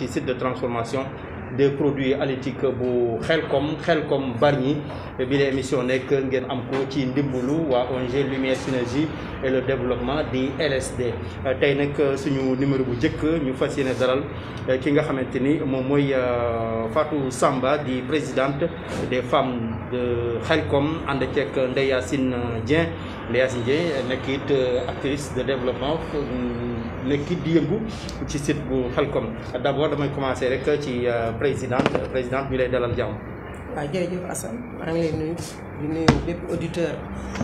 ci site de transformation des produits halieutiques bu Xelcom Xelcom Bargny bi les émission nek ngeen am ko ci ndimbulu wa ONG Lumière Synergie et le développement di LSD tay nak suñu numéro bu njëkk ñu fas yéene dalal eh, ki nga xamanteni mom moy eh, Fatou Samba di présidente des femmes de Xelcom ànd ceeg Ndeye Yacine Dieng Ndeye Yacine Dieng nekk it eh, actrice de développement nekki di yëngu ci site bu Khelcom d' abord damay commencer rek ci euh, président présidente ñu lay dalal jàmm. waaw jërëjëf Assane maa ngi lay nuyu bépp auditeur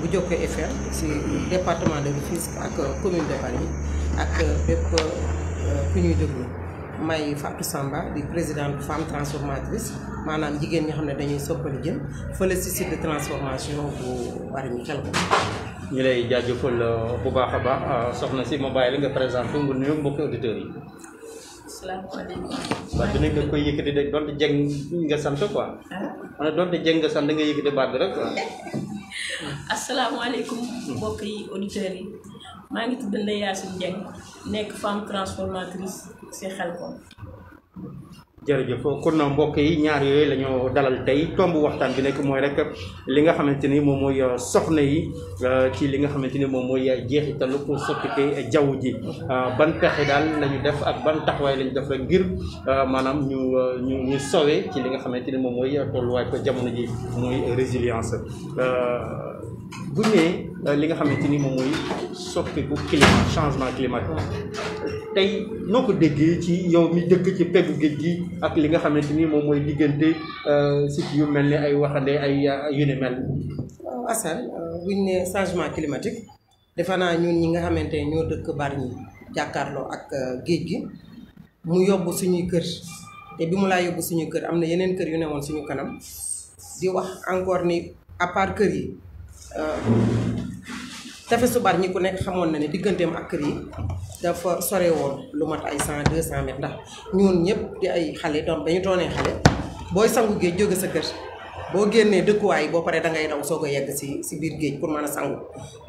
bu Jokko FM si département de Rufisque ak euh, commune de Paris ak euh, bépp ku ñuy déglu may Fatou Samba di présidente femme transformatrice maanaam jigéen ñi xam ne dañuy soppali jën fële si site de transformation bu Bargny Khelcom ñu lay jaajëfal euh, bu baax a baax euh, soxna si ma bàyyi la nga présenté nga nuyu mbokki auditeurs yi. asalaamaaleykum. waaw dinañ nga koy yëkkati de doonte jeng nga sant quoi. Ah. ma ne doonte jeng nga sant nga yëkkati baat bi rek quoi. asalaamaaleykum. mbokk yi auditeurs yi maa ngi tudd Ndeye Yacine Dieng nekk femme transformatrice si Khelcom. jërëjëf kon na mbokk yi ñaar eh, yooyu la dalal tey tomb waxtaan bi nekk mooy rek li nga xamante ni moom mooy soxna yi ci li nga xamante ni moom mooy jeexital ko soppike jaww ji ban pexe daal la ñu def ak ban taxawaay lañu def rek ngir maanaam ñu ñu ñu sowe ci li nga xamante ni moom mooy tolluwaay ko jamono ji mooy résilience ah, bu ñu nee euh, li nga xamante ni moom mooy soppeeku climat changement climatique tey noo ko déggee ci yow mi dëkk ci peggu géej gi ak li nga xam xamante ni moom mooy diggante euh, site yu mel ni ay waxande ay yu ne mel. waaw Assane euh, changement climatique defe naa ñun ñi nga xamante ne ñoo dëkk bari ñi jàkkaarloo ak géej gi mu yóbbu suñuy kër te bi mu laa yóbbu suñuy kër am na yeneen kër yu ne woon suñu kanam di wax encore ni à part kër yi. Euh, tefesu bar ñi ku nekk xamoon na ne digganteem ak kër yi dafa sore woon lu mat ay cent deux cent mètres ndax ñun ñëpp di ay xale doon ba ñu doonee xale booy sangu géej jóge sa kër boo génnee dëkkuwaay boo paree da ngay daw soo ko yegg si si biir géej pour mën a sangu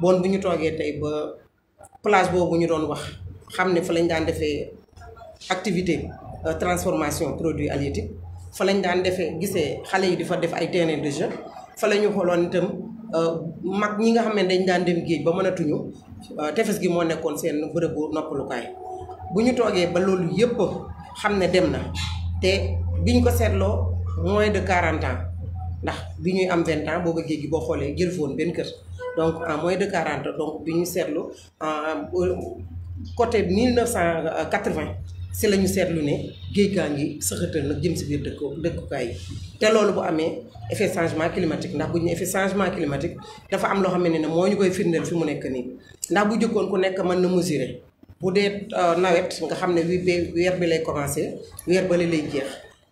bon bu ñu toogee tey ba plage boobu ñu doon wax xam ne fa lañ daan defee activité euh, transformation produit halieutique fa lañ daan defee gisee xale yi di fa def ay terrain de jeu fa la ñu xooloon itam euh, mag ñi nga xam ne dañ daan dem géej ba mënatuñu euh, tefes gi moo nekkoon seen bërëbu noppalukaay bu ñu toogee ba loolu yëpp xam ne dem na te biñ ko seetloo moins de quarante ans ndax bi ñuy am 20 boo ko géej gi boo xoolee jël foon benn kër donc en de 40 donc bi ñu seetlu euh, côté vingt C'est la que seetlu ne géej gaa ngi fait nag jëm si biir dëkk dëkkukaay yi bu effet changement climatique ndax bu ñu effet changement climatique dafa am loo xam ne ne moo ñu koy firndeel fi mu nekk ndax bu jëkkoon ku nekk mën na mesurer bu dee euh, nawet nga ne wi lay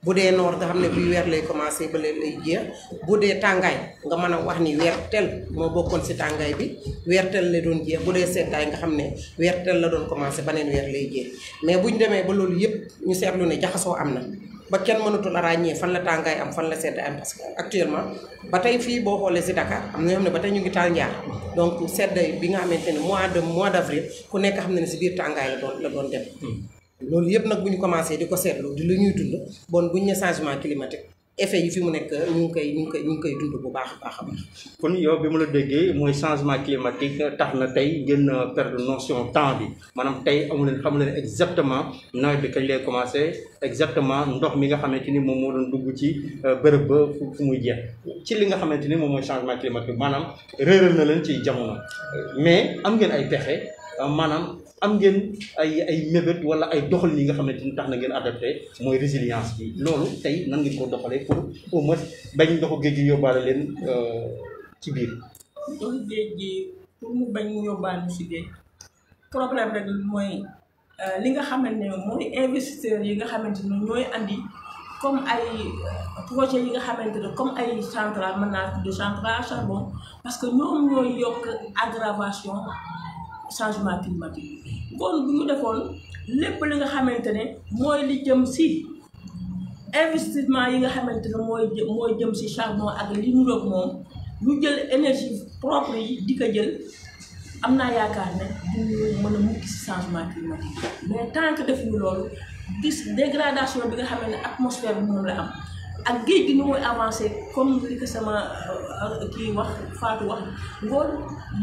bu dee noor nga xam ne bii weer lay commencé ba leen lay jeex bu dee tàngaay nga mën a wax ni weer moo bokkoon si tàngaay bi weer tel la doon jeex bu dee seddaay nga xam ne weer la doon commencé beneen weer lay mais bu demee ba loolu yëpp ñu seetlu ne jaxasoo am na ba kenn mënatul a ràññee fan la tàngaay am fan la sedd am parce que actuellement ba tey fii boo xoolee si Dakar am na ñoo xam ne ba tey ñu ngi tànjaar donc sedd bi nga xamante ne mois de mois d' avril ku nekk xam ne ne si biir tàngaay la doon la doon dem. Hmm. loolu yëpp nag bu ñu commencé di ko seetlu di lu ñuy dund bon buñ ne changement climatique effet yi fi mu nekk ñu ngi koy ñu ngi koy ñu ngi koy dund bu baax a baax kon yow bi mu la déggee mooy changement climatique tax na tey ngeen euh, perdre notion temps bi maanaam tey amu leen xam exactement nawet bi kañ lay commencé exactement ndox mi nga xamante ni moom moo doon dugg ci euh, bërëb ba fu muy jeex ci li nga xamante ni moom mooy changement climatique maanaam réeral na leen ci jamono mais am ngeen ay pexe. Euh, maanaam am ngeen ay ay mébét wala ay doxalin yi nga xamante ni tax na ngeen adapté mooy résilience bi loolu tey nan ngeen ko doxalee pour au moins bañ ndoxu géej gi yóbbaale leen euh, ci biir. ndoxu géej gi pour mu bañ mu yóbbaale si géej problème rek mooy euh, li nga xamante ne mooy investisseurs yi nga xamante ni ñooy andi comme ay projet yi nga xamante ne comme ay centrale mën naa de centrale à charbon parce que ñoom ñooy yokk aggravation. changement climatique bi kon bu ñu defoon lépp li nga xamante ne mooy li jëm si investissement yi nga xamante ne mooy mooy jëm si charbon ak li ñu roog moom ñu jël énergie propre yi di ko jël am naa yaakaar ne mu mën a mukki si changement climatique mais tant que defuñu loolu gis dégradation bi nga xam ne atmosphère bi moom la am ak géej gi ni muy avancé comme li ko sama euh, kii wax Fatou wax ngoon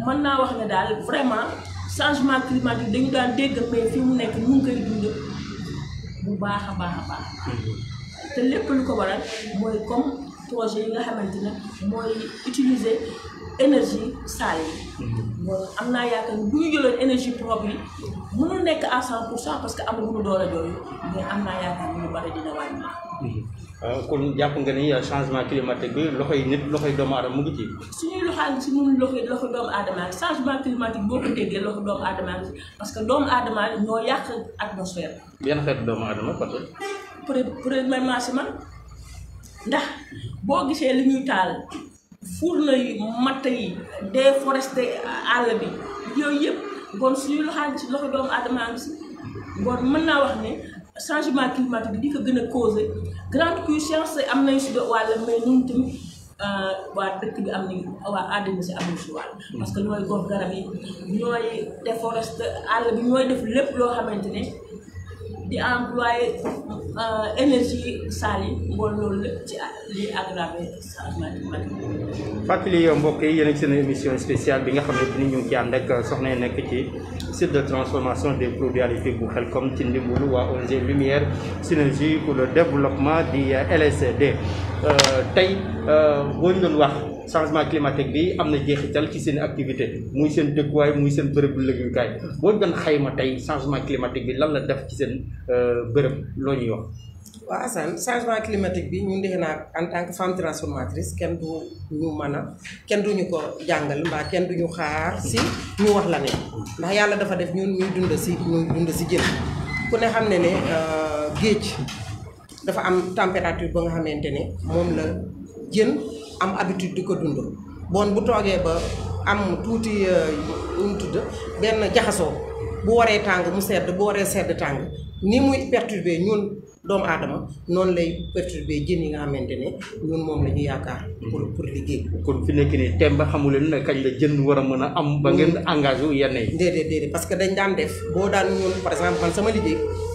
mën naa wax ne daal vraiment changement climatique dañu daan dégg mais fi mu nekk ñu ngi dund bu baax a baax a baax mm-hmm. te lépp lu ko waral mooy comme projet yi nga xamante ne mooy utiliser énergie salle yi. Mm-hmm. bon am naa yaakaar bu ñu jëloon énergie propre yi mënul nekk à pour cent parce que amaguñu doole jooju mais am naa yaakaar ñu bari dina wàññi. Mm-hmm. Euh, kon jàpp nga ni changement climatique bi loxoy nit mu ngi loxo loxo doomu aadama changement climatique boo ko déggee loxo doomu aadama parce que doomu aadama ñoo yàq atmosphère. yan xeetu doomu aadama peut être. peut être man. ndax boo gisee li ñuy taal fourne yi matt yi déforester àll bi yooyu yëpp bon suñu loxaan si loxo doomu aadama ngi si bon mën naa wax ne changement climatique bi di ko gën a causer grande conscience am nañu si wàll mais ñun tamit euh, waa dëkk bi am nañu waa àddina si am nañu si wàll parce que ñooy gox garab yi ñooy déforester bi ñooy def lépp loo xamante ne di employé euh, énergie sali mbool loolu la ci li aggravé changement climatique. mbokk yi yéen a ngi seen émission spéciale bi nga xam ni ñu ci and ak soxna nek ci site de transformation des produits halieutiques bu Khelcom ci ndimbalu waa ONG Lumière Synergie pour le développement di LSD euh tay euh doon wax. changement climatique bi am na jeexital ci seen activité muy seen dëkkuwaay muy seen bërëb liggéeyukaay boo doon xayma tey changement climatique bi lan la def ci seen euh, bërëb loo ñuy wax. waaw Assane changement climatique bi ñun defe naa en tant que transformatrice kenn du ñu mën a kenn du ñu ko jàngal mbaa kenn du ñu xaar si ñu wax la ne ndax yàlla dafa def ñun ñuy dund si ñuy dund si jën ku ne xam ne ne euh, géej dafa am température ba nga xamante ne moom la jën. am habitude di ko dund bon bu toogee ba am tuuti nu euh, mu tudd benn jaxasoo bu waree tàng mu sedd bu waree sedd tàng ni muy perturbé ñun doomu aadama noonu lay perturbé jën yi nga xamante ne ñun moom la ñu yaakaar. pour pour liggéey. kon fi nekk nii thème ba xamu leen ne kañ la jën war a mën a am. ba ngeen engagé wu yenn yi. déedéet déedéet parce que dañ daan def boo daan ñun par exemple man sama liggéey.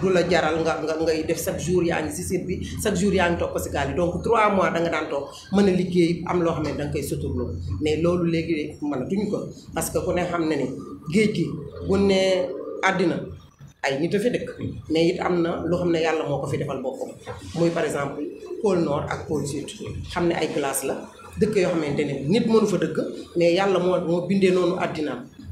du la jaral nga nga ngay def chaque jour yaa ngi si site bi chaque jour yaa ngi toog ko si gaal donc trois mois da nga daan toog mën a liggéey am loo xam ne danga nga koy suturloo mais loolu léegi mënatuñ ko parce que ku ne xam ne géej gi bu ne àddina ay nit a fi dëkk mais am na loo xam ne yàlla moo ko fi defal boppam muy par exemple pôle nord ak pôle sud xam ne ay glace la dëkk yoo xamante ne nit mënu fa dëkk mais yàlla moo moo bindee noonu àddinaam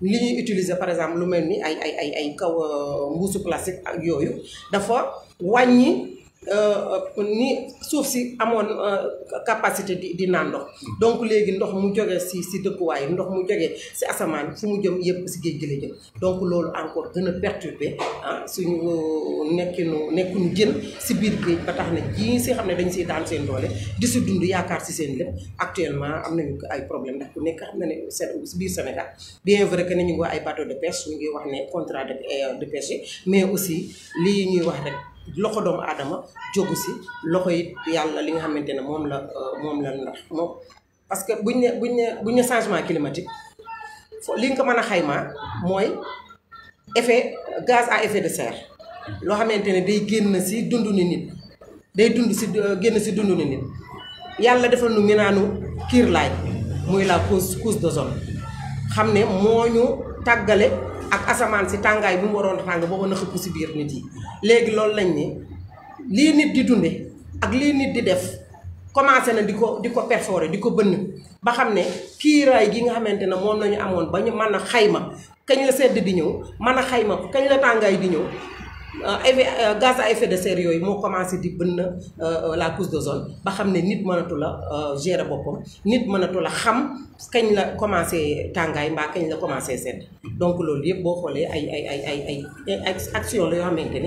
li ñuy utiliser par exemple lu mel ni ay ay ay ay kaw euh, mbuusu plastique ak yooyu dafa wàññi. Euh, euh, ni suuf si amoon euh, capacité di di naan ndox donc léegi ndox mu jógee si si dëkkuwaay ndox mu jógee si asamaan fu mu jëm yëpp si géej gi la jëm donc loolu encore gën a perturbé ah suñu nekkinu nekkinu jën si biir géej ba tax na ji si xam ne dañ siy daan seen doole di si dund yaakaar si seen lépp actuellement am nañu ay problème ndax ku nekk xam na ne si biir Sénégal bien vrai que ne ñu ngi wax ay bateau de pêche ñu wax ne contrat de de mais aussi lii ñuy wax rek loxo doomu aadama jógu si loxo yit yàlla li nga xamante ne moom la euh, moom la ndax moom parce que buñ ne buñ ne changement climatique fo li nga ko mën a xaymaa mooy effet gaz à effet de serre loo xamante ne day génn si dundu ni nit day dund si euh, génn si dundu ni nit yàlla defal nu ngenaanu kiir laay muy la couche couche d'ozone xam ne moo ñu tàggale ak asamaan si tàngaay bi mu waroon tàng booba na xëpp si biir nit yi léegi loolu lañ ne lii nit di dunde ak lii nit di def commencé na di ko di ko perfoore di ko bënn ba xam ne kiiraay gi nga xamante ne moom la amoon ba ñu mën a xayma kañ la sedd di ñëw mën a xayma kañ la tàngaay di ñëw Les euh, euh, gaz à effet de sérieux, yooyu commencé di bënn euh, la couche d'ozone ba xam nit mënatu la gérer boppam nit la xam la commencé la commencé donc action la yoo xamante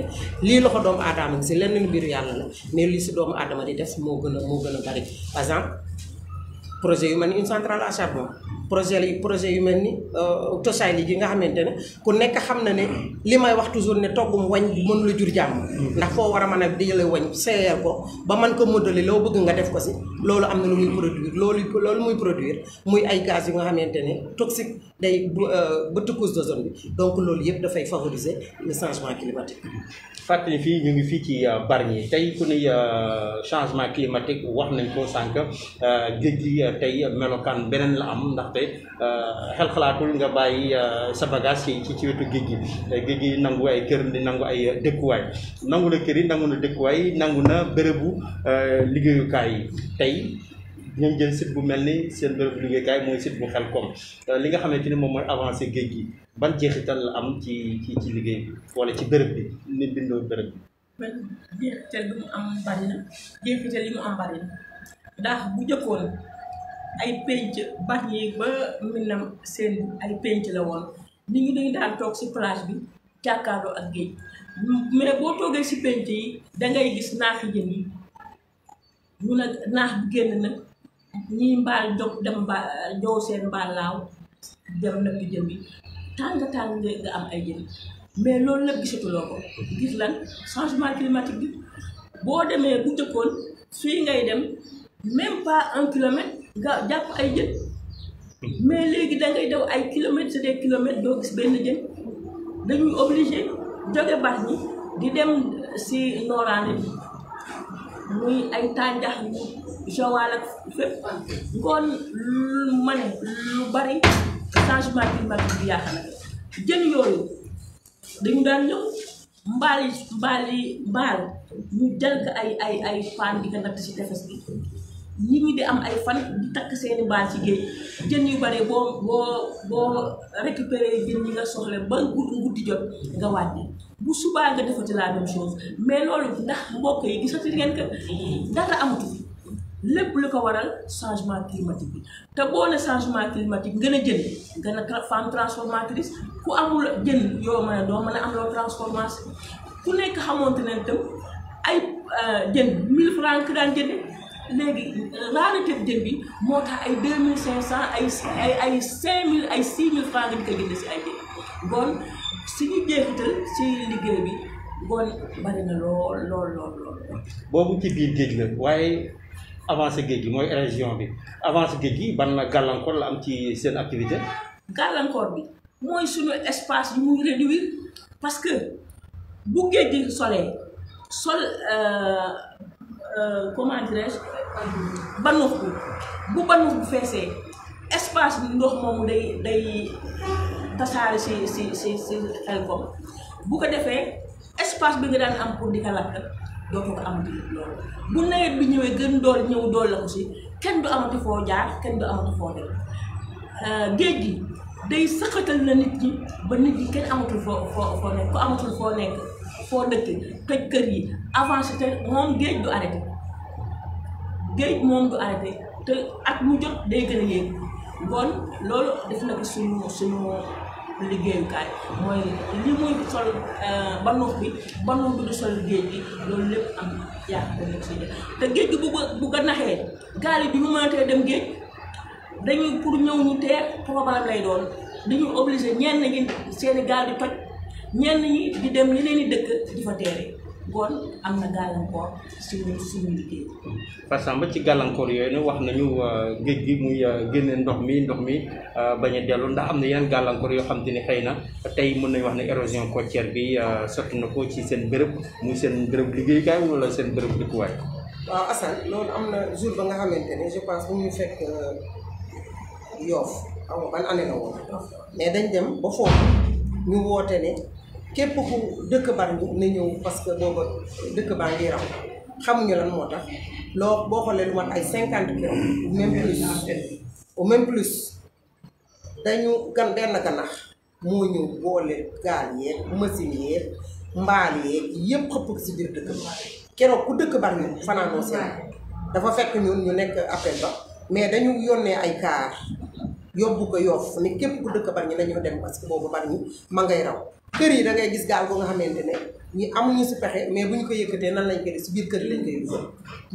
ne loxo doomu aadama si mbiru la mais lii di def par exemple projet yu une centrale à charbon projet yi projet yu mel ni cosaay euh, li gi nga xamante ne ku nekk xam na ne li may wax toujours ne toggum wañ mënu la jur jàmm ndax foo war a mën a dijale wañ seeyal ko ba man ko moddali loo bëgg nga def ko si loolu am na lu muy produire loolu loolu muy produire muy ay gaz yu nga xamante ne toxique day euh, bëtt couche d'ozone bi donc loolu yëpp dafay favoriser le changement climatique fàttali fii ñu ngi fii ci euh, Bargny tey ku ni changement climatique wax nañ ko sànq géej gi tey melokaan beneen la am ndax te euh, xel xalaatul nga bàyyi euh, sa bagage ci ci wetu géej gi géej gi nangu ay kër di nangu ay dëkkuwaay nangu na kër yi nangu na dëkkuwaay nangu na bérébu euh, liggéeyukaay yi tey ñooñu jël site bu mel ni seen bérébu liggéeyukaay mooy site bu xel koom li nga xamante ni moom mooy avancé géej gi ban jeexital la am ci ci liggéey bi ci bërëb bi ni bindoo béréb bi. man jeexital bi mu am bari na jeexital yi mu am bari na bu jëkkoon. ay penc bax yi ba minam seen ay penc la woon nit ñi dañu daan toog si plage bi jàkkaarloo ak géej mee boo toogee si penc yi dangay gis naaxi jën yi ñu nag naax bi génn na ñii mbaal dog dem mbaal jow seen mbaal laaw dem na bi jën bi tàng tàng nga am ay jën mais loolu lépp gisatuloo ko gis lan changement climatique bi boo demee bu njëkkoon fii ngay dem même pas un kilomètre gaaw jàpp ay jën mais léegi da ngay daw ay kilomètres et des kilomètres doo gis benn jën dañuy obligé jóge bax di dem si nooraane bi muy ay tànjax yu Joal ak fépp ngoon man lu bari changement climatique bi yàq na jën yooyu dañu daan ñëw mbaali mbaal ñu jël ko ay ay ay paan di ko natt si tefes bi ñi ñi di am ay fan di takk seeni baal ci géej jën yu bare boo boo boo récupéré jën ñi nga soxla ba guddi jot nga wàññi bu subaa nga defati la même chose mais loolu ndax mbokk yi gisati ngeen ko dara amatu lépp lu ko waral changement climatique bi te boo ne changement climatique gën a jën gën a femme transformatrice ku amul jën yoo mën a doo mën am loo transformation ku nekk xamante ne tam ay euh, jën La rareté jën bi ay ay ay ay francs si ay bon si bi bon bari na la région la am ci activité bi espace réduire parce que bu géej gi sol euh, euh, comment dirais-je banux bi bu banux bu feesee espace bi ndox moomu day day tasaare si si si xel ko bu ko defee espace bi nga daan am pour di ko lakk doo ko amati loolu bu nawet ñëwee gën dool ñëw dool si kenn du amati foo jaar kenn du euh, géej gi day sëqatal na nit ñi ba nit ñi kenn amatul foo foo foo nekk ku amatul foo nekk foo dëkk toj kër yi avancé te moom géej du arrêté géej moom du arrêté te at mu jot day gën a yéeg bon loolu def na ko suñu suñu liggéeyukaay mooy li muy sol euh, banoof bi banoof bi du sol géej gi loolu lépp am yaakaar ko nekk si te géej gi bu bu ko naxee gaal yi ñu mënatee dem géej dañuy pour ñëw ñu teer problème lay doon dañuy obligé ñenn ñi seeni gaal di toj ñenn ñi di dem yeneen i dëkk di fa teere bon am na gàllankoor suñu suñu liggéey. par exemple ci gàllankoor yooyu wax nañu euh, géej gi muy euh, génne ndox mi ndox mi euh, bañ a dellu ndax am na yeneen gàllankoor yoo xam te ni xëy na tey mun nañu wax ne érosion côtière bi sotti na ko ci seen bërëb muy seen bërëb liggéeyukaay wala seen bërëb dëkkuwaay. waaw Assane loolu am na jour ba nga xamante ne je pense bu ñu fekk yoof xam nga ban année la woon mais dañ dem ba foofu ñu woote ne. képp ku dëkk Bargny na ñëw parce que booba dëkk baa ngi raw xamuñu lan moo tax loo boo xoolee lu mat ay cinquante kilos au même plus plus dañu gan benn ganax moo ñëw boole gaal yeeg machine yeeg mbaal yeeg yëpp xëpp si biir dëkk ba keroog ku dëkk Bargny fanaanoo seen dafa fekk ñun ñu nekk appel ba mais dañu yónnee ay kaar yóbbu ko Yoff ni képp ku dëkk Bargny nañoo dem parce que boobu Bargny ma ngay raw kër yi da ngay gis gaal ba nga xamante ne ñi amuñu si pexe mais bu ñu ko yëkkatee nan lañ koy def si biir kër yi lañ koy yëkkatee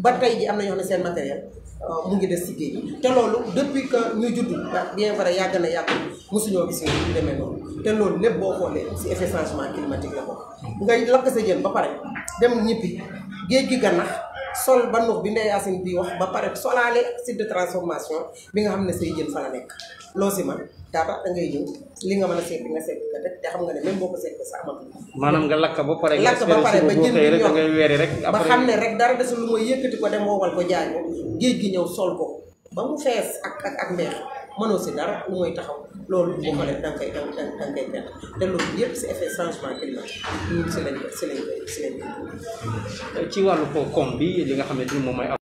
ba tey ji am na ñoo ne seen matériel euh, mu ngi des si géej te loolu depuis que ñu bien vrai yàgg na yàgg mosuñoo gis ñu demee noonu te loolu lépp boo xoolee si effet changement climatique la ko ngay lakk sa jën ba pare dem ñippi géej gi gannax sol ba nux bi Ndeye Yacine bi wax ba pare solaale site de transformation bi nga xam ne say jën fa a nekk loo si man daaba da ngay ñëw li nga mën a seet bi nga seet ka te xam nga ne même boo ko seet sa amatul maanaam nga lakk ba pare lakk ba pare ba jën rek da ngay weeri rek ba xam ne rek dara desul lu mooy yëkkati ko dem woowal ko jaay géej gi ñëw sol ko ba mu fees ak ak ak mbeex mënoo si dara lu mooy taxaw loolu boo ko def da nga koy da nga da nga koy perte te loolu yëpp si effet changement climatique ñun si lañ si lañ si lañ ci wàllu koom bi li nga xam ne moom mooy